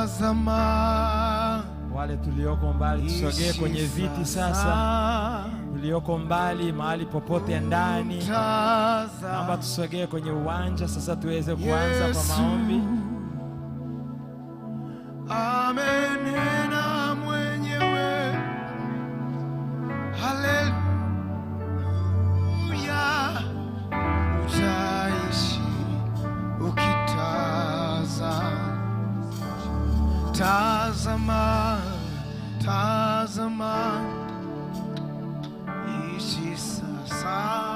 tazama. Wale tulioko mbali tusogee kwenye viti sasa, tulioko mbali mahali popote ndani, naomba tusogee kwenye uwanja sasa tuweze kuanza kwa maombi. Amen. Tazama, Tazama, Ishisa.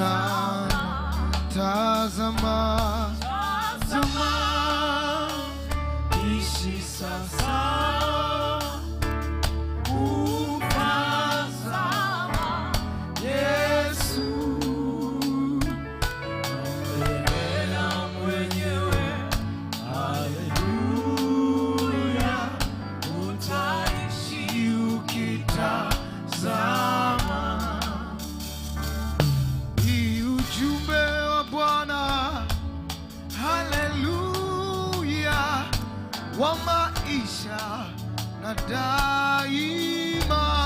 Tazam, Tazam kwa maisha na daima